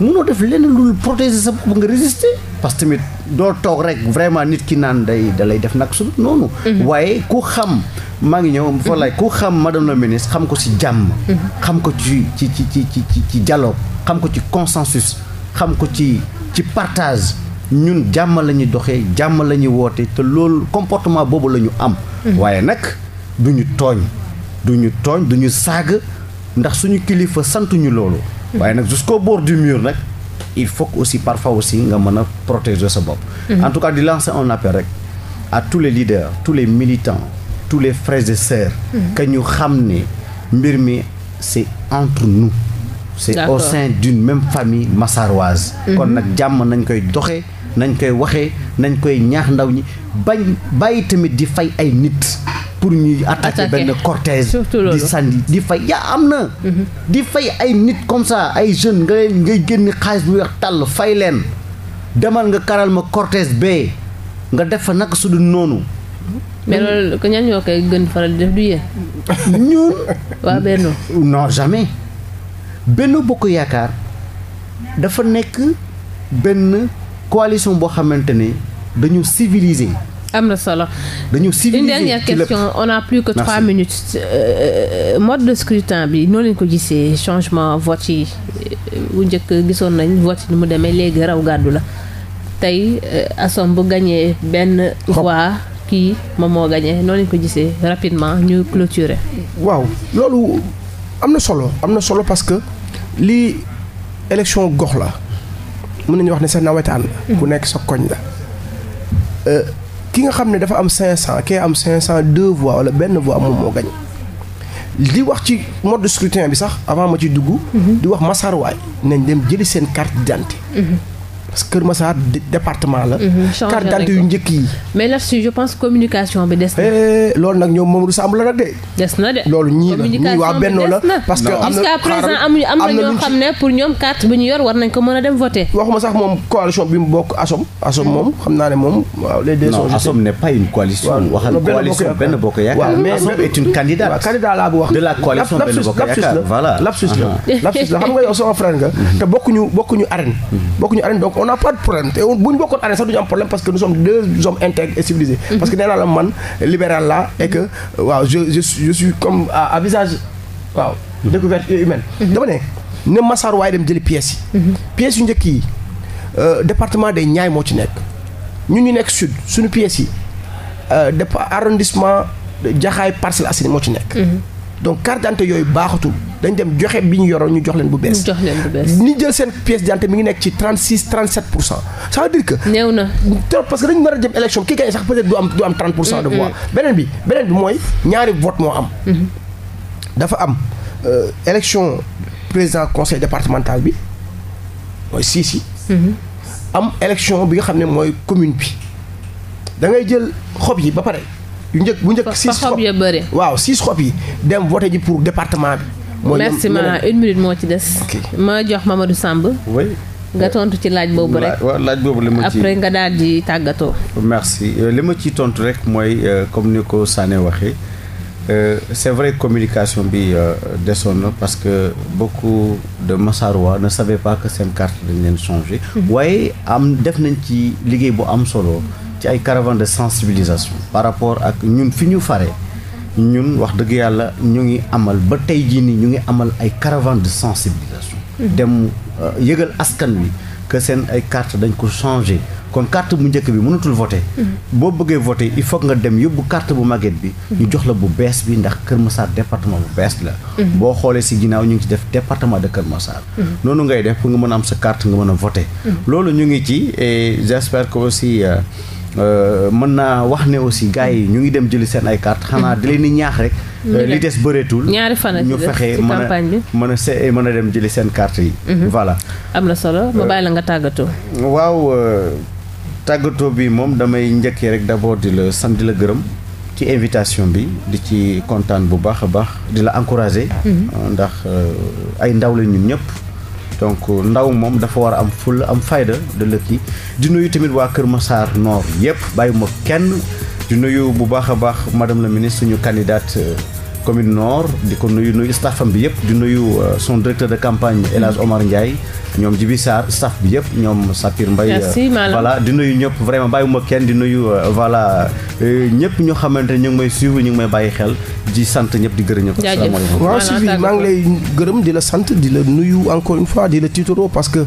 B: munoo def lenn lu protéger sa bopp nga résister parce que tamit doo toog rek vraiment nit ki naan day dalay def nag su noonu. Mhm. waaye ku xam maa ngi ñëw. voilà mhm. ku xam madame la ministre xam ko ci jàmm. Mhm. xam ko ci ci ci ci ci ci dialogue xam ko ci consensus xam ko ci ci partage ñun jàmm la ñuy doxee jàmm la ñuy woote te loolu comportement boobu la ñu am. waaye nag duñu tooñ. du ñu tooñ du ñu saaga ndax suñu kilifa santuñu loolu. waaye nag jusqu'au bord du mur nag il faut que aussi parfois aussi nga mën a protéger sa bopp. Mhm. en tout cas di lancer un appel rek à tous les leaders tous les militants tous les frères et mhm. que ñu xam ne mbir mi c'est entre nous. c'est au sein d'une même famille massaroise mhm. kon nag jàmm nañ koy doxee nañ koy waxee nañ koy ñaax ndaw ñi bañ bàyyi tamit di fay ay nit. pour ñuy attaquer benn cortège di sànni di fay yaa am na mhm. di fay ay nit comme ça ay jeunes nga leen ngay génni xaalis bu weex tàll fay leen demal nga karal ma cortège bee nga def fa naka su noonu
A: mais hmm? loolu ko ñan ñoo koy gën faral di def du yéen.
B: ñun. waa Benno. non jamais Benno Bokk Yaakaar dafa nekk benn coalition boo xamante ne dañu civiliser. am na solo dañu civiliser une dernière question
A: on a plus que trois minutes euh, euh, mode de scrutin bi noonu lañ ko gisee changement vote yi euh, bu njëkk gisoon nañ vote ni mu demee léegi raw gàddu la tey Assome bu gañee benn voix kii moom moo gañee noonu lañ ko gisee rapidement ñu clôturer
C: waaw loolu am na solo am na solo parce que lii élection gox la mën nañu wax ne sa nawetaan mm-hmm. ku nekk sa koñ la ki nga xam ne dafa am 500 kee am 500 deux voix wala benn voix moom moo gañ li wax ci mode de scrutin bi sax avant ma ci dugg. Mhm. di wax masarwaay nañ dem jëli seen carte d'identité. Mhm. parce que Kër Massar département la. Mhm, carte d'identité yu njëkk yi.
A: mais là-dessus je pense communication bi des na.
C: Eh, loolu nag ñoom la de.
A: des na de xam a dem voter. waxuma sax
C: moom mm. naa ne moom. waaw les deux sont non ASOM n'est pas nga yow sama frère nga. te bokkuñu bokkuñu arène. Mm-hmm. bokkuñu arène donc on n'a pas de problème te bu ñu bokkoon année sax du ñu problème parce que nous sommes deux hommes intègres et civilisés. Mhm. parce que nee la man libéral la et que mhm. waaw je je suis comme à visage waaw. Mhm. découverte humaine. dama ne ne Massar waaye dem jëli pièces yi. pièces yu njëkk yi euh, département des ñaay moo ci nekk ñu ñu nekk sud suñu pièces yi euh, dépa arrondissement Jaxaay Parcelles Assainies moo ci nekk. donc carte d'identité yooyu baaxatul dañ dem joxe bi ñu yoroon ñu jox leen bu bees. jox ñu jël seen pièce d'identité mi ngi nekk ci 36 37 pour cent. ça veut dire que. néew na trop parce que dañu nar a jëm élection kii kay sax peut-être du am du am 30 de voix. beneen bi beneen bi mooy ñaari vote moo am. Mm-hmm. dafa am euh, élection président conseil départemental bi mooy sii si. Mm-hmm. am élection bi nga xam ne mooy commune bi da ngay jël xob yi ba pare. yu njëkk bu njëkk six xob ya bëri waaw six xob yi dem voté ji pour département bi mooy merci ma
A: une minute moo ci des ma jox Mamadou Samb nga tontu ci laaj boobu rek
C: waaw laaj boobu li ma ci après nga
A: daal di tàggatoo
C: merci
B: euh, li ma ciy tontu rek mooy euh, comme ni ko Sané waxee euh, c'est vrai communication bi desoon na parce que beaucoup de Massarois ne savaient pas que seen carte dañ leen changé mhm. waaye am def nañ ci liggéey bu am solo ci ay caravane de sensibilisation par rapport ak ñun fi ñu fare ñun wax dëgg yàlla ñu ngi amal ba tey jii nii ñu ngi amal ay caravane de sensibilisation dem euh, yëgal askan wi que seen ay carte dañ ko changé kon carte bu njëkk bi mënatul voté mm-hmm. boo bëggee voté il faut nga dem yóbbu carte bu màgget bi mm-hmm. ñu jox la bu bees bi ndax Kër Massar département bu bees la mm-hmm. boo xoolee si ginnaaw ñu ngi ci def département de Kër Massar noonu ngay def pour nga mën a am sa carte nga mën a voté loolu ñu ngi ci et j'espère que euh, Euh, mën naa wax ne aussi gars yi ñu ngi dem jëli seen ay carte xanaa di leen di ñaax rek. Euh, li des bëreetul. ñaari fan ñu fexe mën a mën a se mën a dem jëli seen carte yi. Mhm. voilà
A: am na solo ma euh, nga tàggatoo.
B: waaw tàggatoo bi moom damay njëkkee rek d'abord di la sant di la gërëm. ci invitation bi di ci kontaan bu baax a baax di la encourager. Mhm. ndax ay ndaw la ñun ñëpp. donc ndaw moom dafa war a am ful am fayda de lëkk yi di nuyu tamit waa Kër Massar Nord yëpp bàyyi ma kenn di nuyu bu baax a baax madame la ministre suñu candidate commune nord di ko nuyu nuyu staffam bi yëpp di nuyu euh, son directeur de campagne El Hadj Omar Ndiaye ñoom Jibi Sarr staff bi yëpp ñoom Sapir Mbaye euh, voilà di nuyu ñëpp vraiment bàyyiwuma kenn di nuyu euh, voilà ñëpp ñoo xamante ñu ngi may suivre ñu ngi may bàyyi xel di sant ñëpp di gërëm ñëpp asalaamaaleykum waaw Sylvie maa
C: ngi lay gërëm di la sant di la nuyu encore une fois di la tiitaroo parce que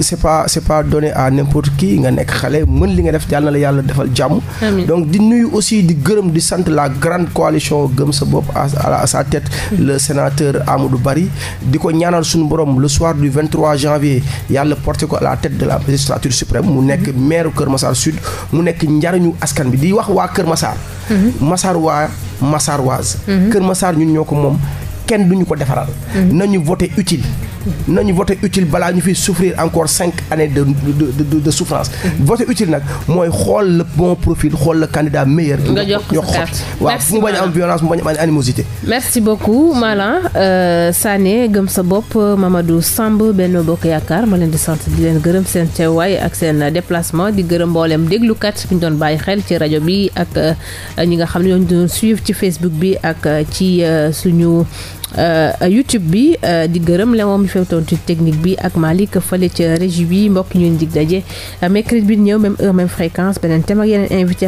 C: c'est pas c'est pas donné à n'importe qui nga nekk xale mën li nga def yàlla yàlla defal jàmm donc di nuyu aussi di gërëm sant la grande coalition sa bopp a sa tête la sénateur Amadou Barry di ko ñaanal suñu borom le soir du janvier yàlla porté ko à la tête de la magistrature suprême mu nekk mhm. maire Kër Massar Sud mu nekk njariñu askan bi di wax waa Kër Massar mhm. Massar waa Massar waaz mhm. Kër Massar ñun ñoo ko moom kenn duñu ko defaral mm-hmm. nañu voté utile mm-hmm. nañu voté utile balaa ñu fi souffrir encore cinq années de de de, de mm-hmm. nag mooy xool le bon profil xool le candidat meilleur. nga jox ko waaw mu bañ am violence mu bañ am animosité.
A: merci beaucoup Malang euh, Sané Gëm sa bopp Mamadou Samb benn Bokk Yaakaar ma leen di sant di leen gërëm seen teewaay ak seen déplacement di gërëm mbooleem déglu déglukat fu ñu doon bàyyi xel ci rajo bi ak euh, ñi nga xam ne ñoo doon suivre ci Facebook bi ak euh, ci euh, suñu. Euh, YouTube bi euh, di gërëm Léon mi féetoon ci technique bi ak Malick fële ca régie bi mbokk ñun dig daje euh, mercredi bi ñëw même heure même fréquence beneen thème ak yeneen invité